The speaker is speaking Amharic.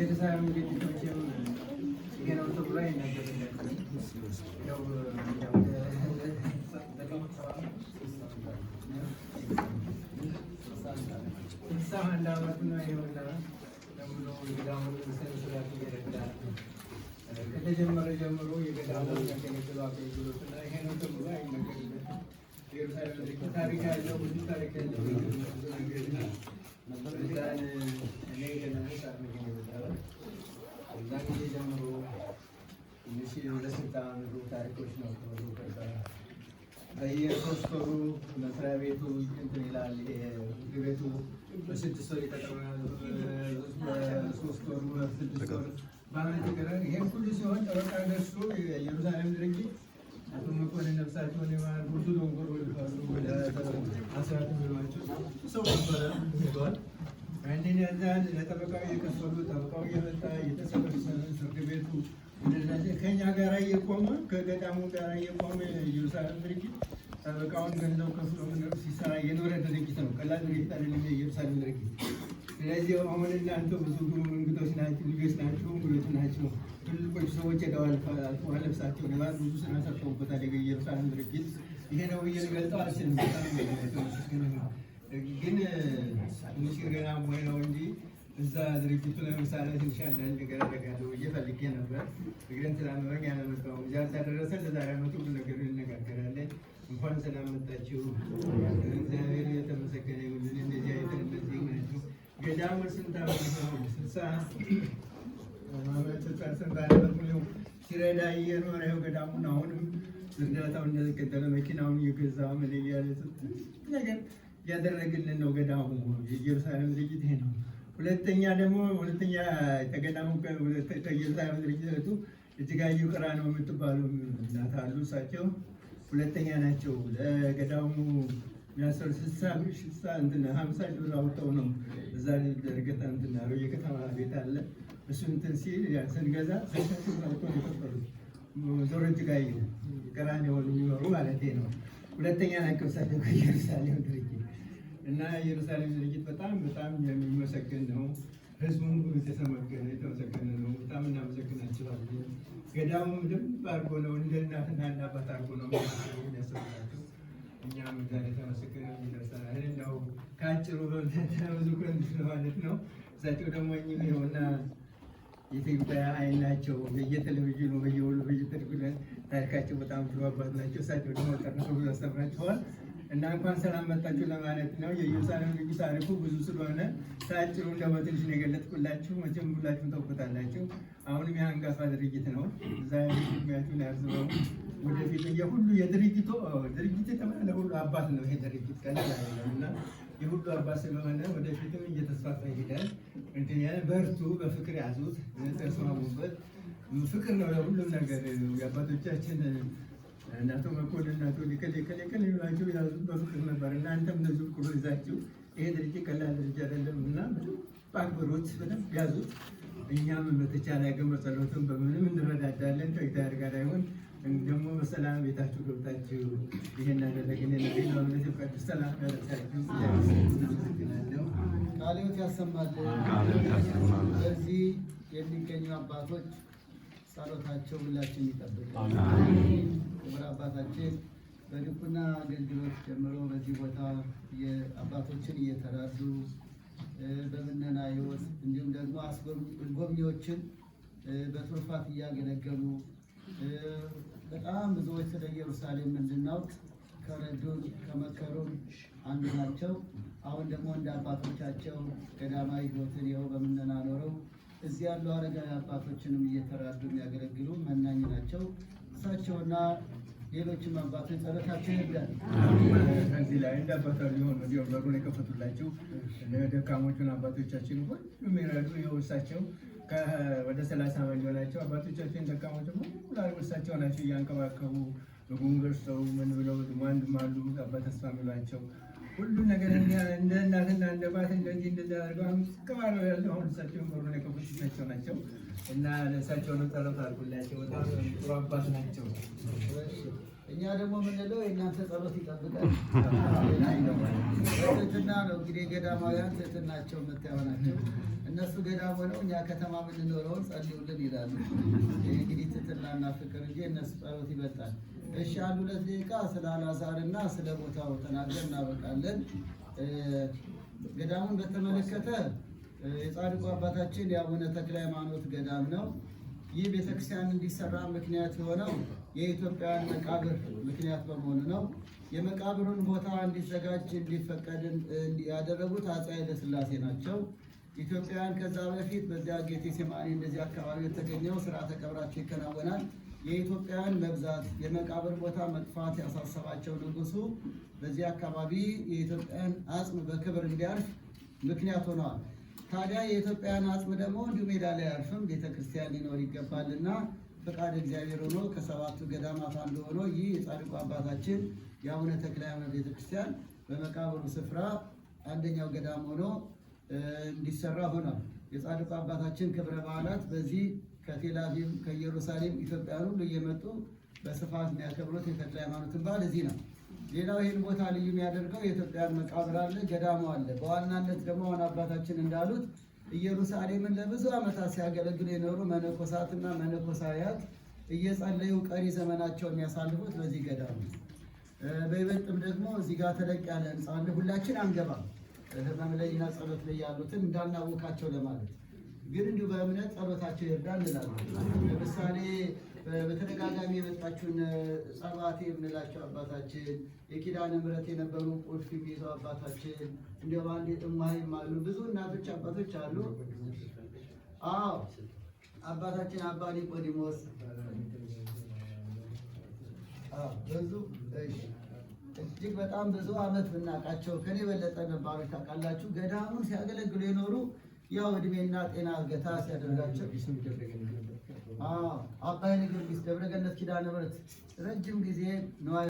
ከተጀመረ ጀምሮ የገዳሙ መገለገሉ አገልግሎትና ይሄ ነው ተብሎ አይነገርበት። ኢየሩሳሌም ታሪክ ያለው ብዙ ታሪክ ያለው ነገር ታሪኮች ነው በየሶስት ወሩ መስሪያ ቤቱ እንትን ይላል። ቤቱ በስድስት ወር በሶስት ወሩ በስድስት ወር በአመት ይቀረ። ይህም ሁሉ ሲሆን ጠበቃ ደርሶ የኢየሩሳሌም ድርጅት አቶ መኮንን ነፍሳቸውን የማር ብዙ ዶንጎር ወደ አስራት ሰው ነበረ ሄዷል። ከእንዲህ ያዛን ለጠበቃው የከፈሉ ጠበቃው የመጣ የተሰበሰበን ፍርድ ቤቱ እንደዛቸው ከእኛ ጋር እየቆመ ከገዳሙ ጋር እየቆመ ኢየሩሳሌም ድርጅት ጠበቃውን ገንዘብ ከፍሎ ምንር ሲሰራ የኖረ ድርጅት ነው። ቀላል ድርጅት አይደለም የኢየሩሳሌም ድርጅት። ስለዚህ አሁን እናንተ ብዙ እንግዶች ናቸው፣ ልጆች ናቸው፣ እንግዶች ናቸው። ትልቆች ሰዎች ሄደዋል፣ ለብሳቸው ነባር ብዙ ስራ ሰርተውበታል። የኢየሩሳሌም ድርጅት ይሄ ነው ብዬ ልገልጸው አልችልም። በጣም ነው ግን ትንሽ ገና ሙያ ነው እንጂ እዛ ድርጅቱ ለምሳሌ ትንሽ አንዳንድ ነገር አደርጋለሁ እየፈልጌ ነበር። እግረን ስላመመኝ አላመጣሁም። እዚያ ስለደረሰ ለዛሬ ዓመቱ ሁሉ ነገር እንነጋገራለን። እንኳን ስላመጣችሁ እግዚአብሔር የተመሰገነ ይሁን። እንደዚህ አይነት እንደዚህ ሆናችሁ ገዳሙ ስንት ዓመት ነው? ስልሳ ዓመት ስልሳ ስንት ሲረዳ እየኖረ ይኸው ገዳሙን አሁንም እርዳታው እንደቀጠለ መኪናውን እየገዛ ምን እያለ ነገር እያደረግልን ነው። ገዳሙ የኢየሩሳሌም ድርጅት ይሄ ነው። ሁለተኛ ደግሞ ሁለተኛ ተገዳሙ ከኢየሩሳሌም ድርጅቱ እጅጋዩ ቅራ ነው የምትባሉ እናት አሉ። እሳቸው ሁለተኛ ናቸው። ለገዳሙ ሚያሰሩ ስልሳ ስልሳ እንትን ሀምሳ ሺህ ብር አውጥተው ነው እዛ ደርገታ እንትን ያለው የከተማ ቤት አለ። እሱ እንትን ሲል ስንገዛ ስልሳ ሺህ ብር አውጥተው ነው የከፈሉት። ዞሮ እጅጋዩ ቅራን የሆኑ የሚኖሩ ማለት ነው። ሁለተኛ ናቸው እሳቸው ከኢየሩሳሌም ድርጅት እና የኢየሩሳሌም ድርጊት በጣም በጣም የሚመሰገን ነው። ህዝቡ የተሰመገነ የተመሰገነ ነው። በጣም እናመሰግናችኋለን። ገዳሙ ድምፅ አድርጎ ነው እንደ እናትና እንደ አባት አድርጎ ነው የሚያሰብላቸው። እኛም እዛ የተመሰገነ ይደርሰናል። እንደው ከአጭሩ ብዙ ኮንት ማለት ነው። እሳቸው ደግሞ እኚህ የሆና የኢትዮጵያ አይን ናቸው። በየቴሌቪዥኑ በየወሉ በየተድጉለን ታሪካቸው በጣም ብዙ አባት ናቸው። እሳቸው ደግሞ ቀርነው ብዙ አስተምራቸዋል። እና እንኳን ሰላም መጣችሁ ለማለት ነው። የኢየሩሳሌም ንጉሥ ታሪኩ ብዙ ስለሆነ ሳጭሩ እንደው በትንሽ ነው የገለጥኩላችሁ። መቼም ሁላችሁም ተውቁታላችሁ። አሁንም የአንጋፋ ድርጅት ነው። እዛ ያቱን ያዝበው ወደፊት የሁሉ የድርጅቱ ድርጅት የተባለ ሁሉ አባት ነው። ይሄ ድርጅት ቀላል አይደለም እና የሁሉ አባት ስለሆነ ወደፊትም እየተስፋፋ ይሄዳል። እንትን ያለ በርቱ፣ በፍቅር ያዙት፣ ተስማሙበት። ፍቅር ነው ለሁሉም ነገር የአባቶቻችን እናቶ መኮድ እናቶ ሊከል ሊከል ሊከል ይላችሁ ያዙ በፍቅር ነበር። እናንተም እንደዚሁ ፍቅሩ ይዛችሁ ይሄ ድርጅት ቀላል ድርጅት አይደለም እና በአክብሮት በደንብ ያዙት። እኛም በተቻለ ያገ መጸሎትን በምንም እንረዳዳለን። ከእግዚአብሔር ጋር አይሆን ደግሞ በሰላም ቤታችሁ ገብታችሁ ይሄን አደረግን ለእምነት የቀድስ ሰላም ያደረሳችሁ ያመሰግናለሁ። ቃልዎት ያሰማልን። በዚህ የሚገኙ አባቶች ጸሎታቸው ሁላችን ይጠብቃል። ክቡር አባታችን በድቁና አገልግሎት ጀምሮ በዚህ ቦታ አባቶችን እየተራዱ በምነና ሕይወት እንዲሁም ደግሞ ጎብኚዎችን በትሩፋት እያገለገሉ በጣም ብዙዎች ስለ ኢየሩሳሌም እንድናውቅ ከረዱን ከመከሩን አንዱ ናቸው። አሁን ደግሞ እንደ አባቶቻቸው ገዳማዊ ሕይወትን ይኸው በምነና ኖረው እዚህ ያሉ አረጋዊ አባቶችንም እየተራዱ የሚያገለግሉ መናኝ ናቸው። እሳቸውና ሌሎችም አባቶች ጸሎታቸው ይርዳል። ከዚህ ላይ እንደ አባታ ሊሆን እንዲሁ በሩን የከፈቱላቸው ደካሞቹን አባቶቻችን ሁሉም ይረዱ። ይኸው እሳቸው ወደ ሰላሳ መንጆናቸው አባቶቻችን ደካሞች ሁሉ እሳቸው ናቸው እያንከባከቡ በጉንገር ሰው ምን ብለው አንድም አሉ አባ ተስፋ የሚሏቸው ሁሉ ነገር እንደ እናትና እንደ ባት እንደዚህ እንደዚህ አድርገው አምስቅባለ ያለው አሁን እሳቸውን ኮሮና ከፍትናቸው ናቸው እና ለእሳቸውን ጸሎት አድርጉላቸው። በጣም ጥሩ አባት ናቸው። እኛ ደግሞ የምንለው የእናንተ ጸሎት ይጠብቃል። ትህትና ነው እንግዲህ ገዳማውያን ትህትናቸው የምታየው ናቸው። እነሱ ገዳም ሆነው እኛ ከተማ የምንኖረውን ጸልዩልን ይላሉ። እንግዲህ ትህትናና ፍቅር እንጂ እነሱ ጸሎት ይበልጣል። እሺ አንድ ሁለት ደቂቃ ስለ አልዓዛር እና ስለ ቦታው ተናግረን እናበቃለን። ገዳሙን በተመለከተ የጻድቁ አባታችን የአቡነ ተክለ ሃይማኖት ገዳም ነው። ይህ ቤተክርስቲያን እንዲሰራ ምክንያት የሆነው የኢትዮጵያን መቃብር ምክንያት በመሆኑ ነው። የመቃብሩን ቦታ እንዲዘጋጅ እንዲፈቀድ ያደረጉት አፄ ኃይለ ሥላሴ ናቸው። ኢትዮጵያን ከዛ በፊት በዚያ ጌቴ ሴማኒ እንደዚህ አካባቢ የተገኘው ስርዓተ ቀብራቸው ይከናወናል። የኢትዮጵያውያን መብዛት፣ የመቃብር ቦታ መጥፋት ያሳሰባቸው ንጉሱ በዚህ አካባቢ የኢትዮጵያን አጽም በክብር እንዲያርፍ ምክንያት ሆነዋል። ታዲያ የኢትዮጵያን አጽም ደግሞ እንዲሁ ሜዳ ላይ አያርፍም፣ ቤተ ክርስቲያን ሊኖር ይገባልና ፈቃድ እግዚአብሔር ሆኖ ከሰባቱ ገዳማት አንዱ ሆኖ ይህ የጻድቁ አባታችን የአቡነ ተክለ ሃይማኖት ቤተ ክርስቲያን በመቃብሩ ስፍራ አንደኛው ገዳም ሆኖ እንዲሰራ ሆኗል። የጻድቁ አባታችን ክብረ በዓላት በዚህ ከቴላቪቭ ከኢየሩሳሌም ኢትዮጵያውያን ሁሉ እየመጡ በስፋት የሚያከብሩት የተክለ ሃይማኖትን ባህል እዚህ ነው። ሌላው ይህን ቦታ ልዩ የሚያደርገው የኢትዮጵያን መቃብር አለ፣ ገዳሙ አለ። በዋናነት ደግሞ አሁን አባታችን እንዳሉት ኢየሩሳሌምን ለብዙ ዓመታት ሲያገለግሉ የኖሩ መነኮሳትና መነኮሳያት እየጸለዩ ቀሪ ዘመናቸው የሚያሳልፉት በዚህ ገዳሙ ነው። በይበልጥም ደግሞ እዚህ ጋር ተለቅ ያለ ህንፃ አለ። ሁላችን አንገባም ህመም ላይ እና ጸሎት ላይ ያሉትን እንዳናውቃቸው ለማለት ግን እንዲሁ በእምነት ጸሎታቸው ይርዳል እንላለን። ለምሳሌ በተደጋጋሚ የመጣችሁን ጸባቴ የምንላቸው አባታችን የኪዳነ ምሕረት የነበሩ ቁልፍ የሚይዘው አባታችን እንደ አንድ እማይም አሉ። ብዙ እናቶች አባቶች አሉ። አዎ አባታችን አባ ኒቆዲሞስ ብዙ እጅግ በጣም ብዙ ዓመት ብናውቃቸው ከኔ የበለጠ ነባሮች ታውቃላችሁ። ገዳሙን ሲያገለግሉ የኖሩ ያው እድሜና ጤና ገታ ሲያደርጋቸው አባይ ጊዮርጊስ ደብረገነት ገነት ኪዳነ ምሕረት ረጅም ጊዜ ነው።